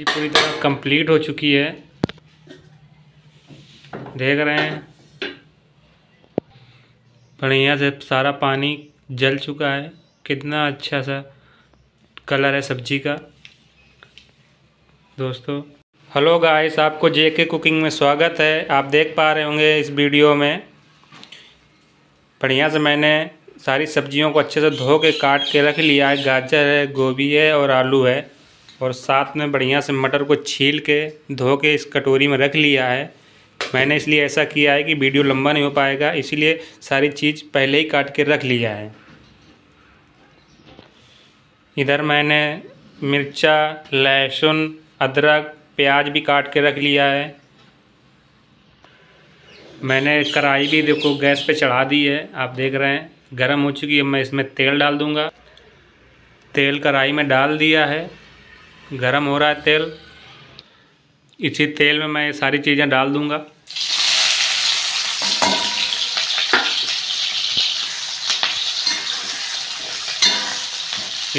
ये पूरी तरह कंप्लीट हो चुकी है देख रहे हैं बढ़िया से सारा पानी जल चुका है कितना अच्छा सा कलर है सब्जी का दोस्तों हेलो गाइस आपको जे के कुकिंग में स्वागत है आप देख पा रहे होंगे इस वीडियो में बढ़िया से मैंने सारी सब्जियों को अच्छे से धो के काट के रख लिया है गाजर है गोभी है और आलू है और साथ में बढ़िया से मटर को छील के धो के इस कटोरी में रख लिया है मैंने इसलिए ऐसा किया है कि वीडियो लंबा नहीं हो पाएगा इसीलिए सारी चीज़ पहले ही काट के रख लिया है इधर मैंने मिर्चा लहसुन अदरक प्याज भी काट के रख लिया है मैंने कढ़ाई भी देखो गैस पे चढ़ा दी है आप देख रहे हैं गर्म हो चुकी है मैं इसमें तेल डाल दूँगा तेल कढ़ाई में डाल दिया है गर्म हो रहा है तेल इसी तेल में मैं ये सारी चीज़ें डाल दूंगा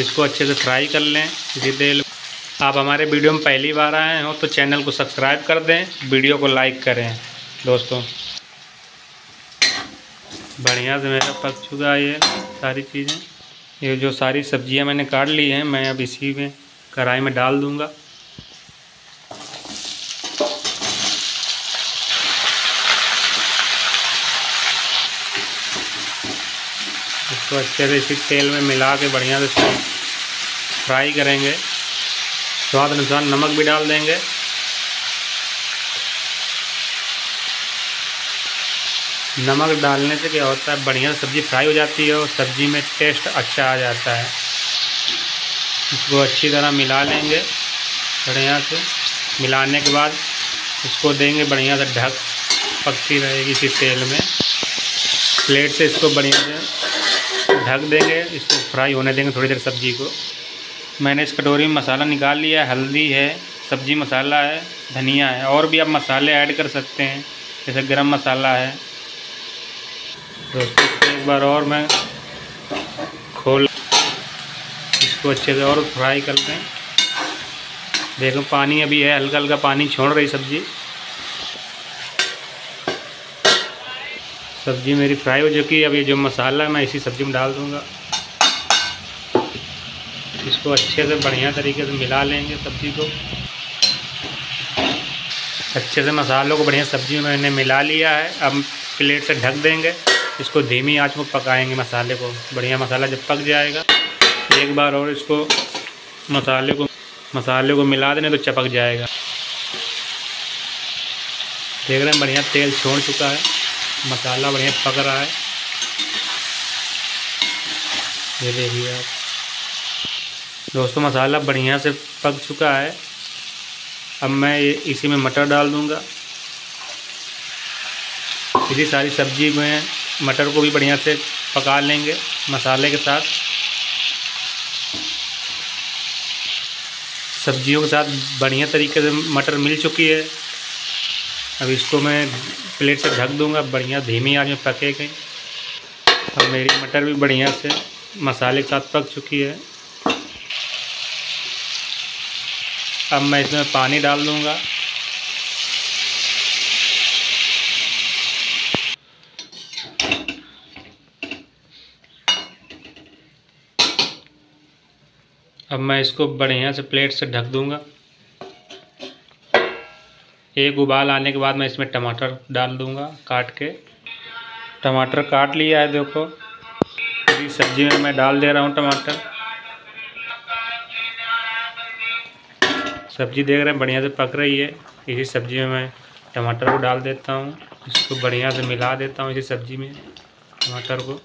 इसको अच्छे से फ्राई कर लें इसी तेल आप हमारे वीडियो में पहली बार आए हो तो चैनल को सब्सक्राइब कर दें वीडियो को लाइक करें दोस्तों बढ़िया से मेरा पक चुका है ये सारी चीज़ें ये जो सारी सब्जियां मैंने काट ली हैं मैं अब इसी में कढ़ाई में डाल दूंगा इसको अच्छे से इसी तेल में मिला के बढ़िया से इसको फ्राई करेंगे स्वाद अनुसार नमक भी डाल देंगे नमक डालने से क्या होता है बढ़िया सब्ज़ी फ्राई हो जाती है और सब्ज़ी में टेस्ट अच्छा आ जाता है इसको अच्छी तरह मिला लेंगे बढ़िया से मिलाने के बाद इसको देंगे बढ़िया से ढक पकती रहेगी इसी तेल में प्लेट से इसको बढ़िया से ढक देंगे इसको फ्राई होने देंगे थोड़ी देर सब्ज़ी को मैंने इस कटोरी में मसाला निकाल लिया हल्दी है सब्ज़ी मसाला है धनिया है और भी आप मसाले ऐड कर सकते हैं जैसे गरम मसाला है दोस्तों एक बार और मैं खोल इसको अच्छे से और फ्राई करते हैं देखो पानी अभी है हल्का हल्का पानी छोड़ रही सब्ज़ी सब्ज़ी मेरी फ्राई हो चुकी है अब ये जो मसाला है मैं इसी सब्ज़ी में डाल दूँगा इसको अच्छे से बढ़िया तरीके से मिला लेंगे सब्ज़ी को अच्छे से मसालों को बढ़िया सब्ज़ी में मैंने मिला लिया है अब प्लेट से ढक देंगे इसको धीमी आंच पर पकाएंगे मसाले को बढ़िया मसाला जब पक जाएगा एक बार और इसको मसाले को मसाले को मिला देने तो चपक जाएगा देख रहे हैं बढ़िया तेल छोड़ चुका है मसाला बढ़िया पक रहा है ये देखिए आप दोस्तों मसाला बढ़िया से पक चुका है अब मैं इसी में मटर डाल दूंगा इसी सारी सब्जी में मटर को भी बढ़िया से पका लेंगे मसाले के साथ सब्जियों के साथ बढ़िया तरीके से मटर मिल चुकी है अब इसको मैं प्लेट से ढक दूंगा बढ़िया धीमी आँच में गई और मेरी मटर भी बढ़िया से मसाले के साथ पक चुकी है अब मैं इसमें पानी डाल दूंगा अब मैं इसको बढ़िया से प्लेट से ढक दूंगा एक उबाल आने के बाद मैं इसमें टमाटर डाल दूंगा काट के टमाटर काट लिया है देखो पूरी सब्जी में मैं डाल दे रहा हूँ टमाटर सब्जी देख रहे हैं बढ़िया से पक रही है इसी सब्जी में मैं टमाटर को डाल देता हूँ इसको बढ़िया से मिला देता हूँ इसी सब्जी में टमाटर को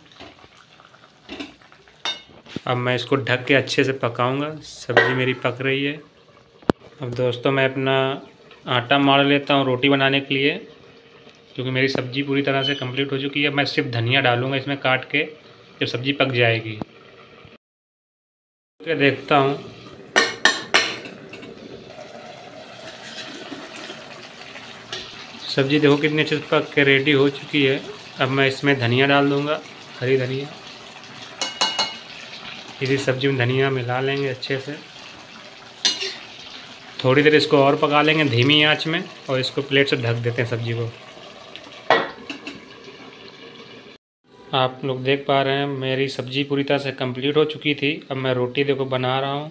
अब मैं इसको ढक के अच्छे से पकाऊंगा सब्ज़ी मेरी पक रही है अब दोस्तों मैं अपना आटा मार लेता हूँ रोटी बनाने के लिए क्योंकि मेरी सब्ज़ी पूरी तरह से कंप्लीट हो चुकी है मैं सिर्फ धनिया डालूंगा इसमें काट के जब सब्ज़ी पक जाएगी के देखता हूँ सब्ज़ी देखो कितनी अच्छे से पक के रेडी हो चुकी है अब मैं इसमें धनिया डाल दूँगा हरी धनिया इसी सब्ज़ी में धनिया मिला लेंगे अच्छे से थोड़ी देर इसको और पका लेंगे धीमी आंच में और इसको प्लेट से ढक देते हैं सब्ज़ी को आप लोग देख पा रहे हैं मेरी सब्ज़ी पूरी तरह से कंप्लीट हो चुकी थी अब मैं रोटी देखो बना रहा हूँ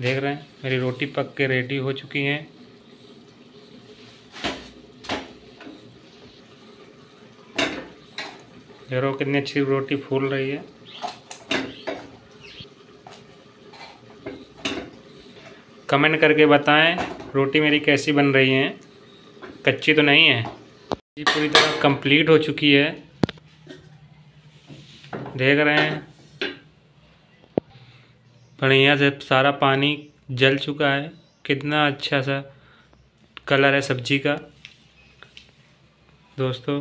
देख रहे हैं मेरी रोटी पक के रेडी हो चुकी हैं देखो कितनी अच्छी रोटी फूल रही है कमेंट करके बताएं रोटी मेरी कैसी बन रही है कच्ची तो नहीं है ये पूरी तरह कंप्लीट हो चुकी है देख रहे हैं बढ़िया से सारा पानी जल चुका है कितना अच्छा सा कलर है सब्जी का दोस्तों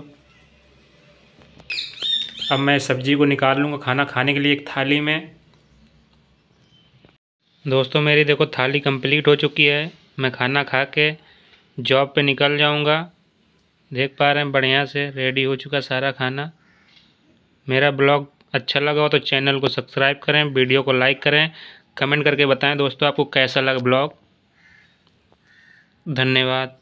अब मैं सब्जी को निकाल लूँगा खाना खाने के लिए एक थाली में दोस्तों मेरी देखो थाली कंप्लीट हो चुकी है मैं खाना खा के जॉब पे निकल जाऊंगा देख पा रहे हैं बढ़िया से रेडी हो चुका सारा खाना मेरा ब्लॉग अच्छा लगा हो तो चैनल को सब्सक्राइब करें वीडियो को लाइक करें कमेंट करके बताएं दोस्तों आपको कैसा लगा ब्लॉग धन्यवाद